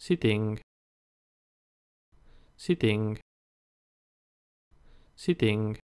sitting sitting sitting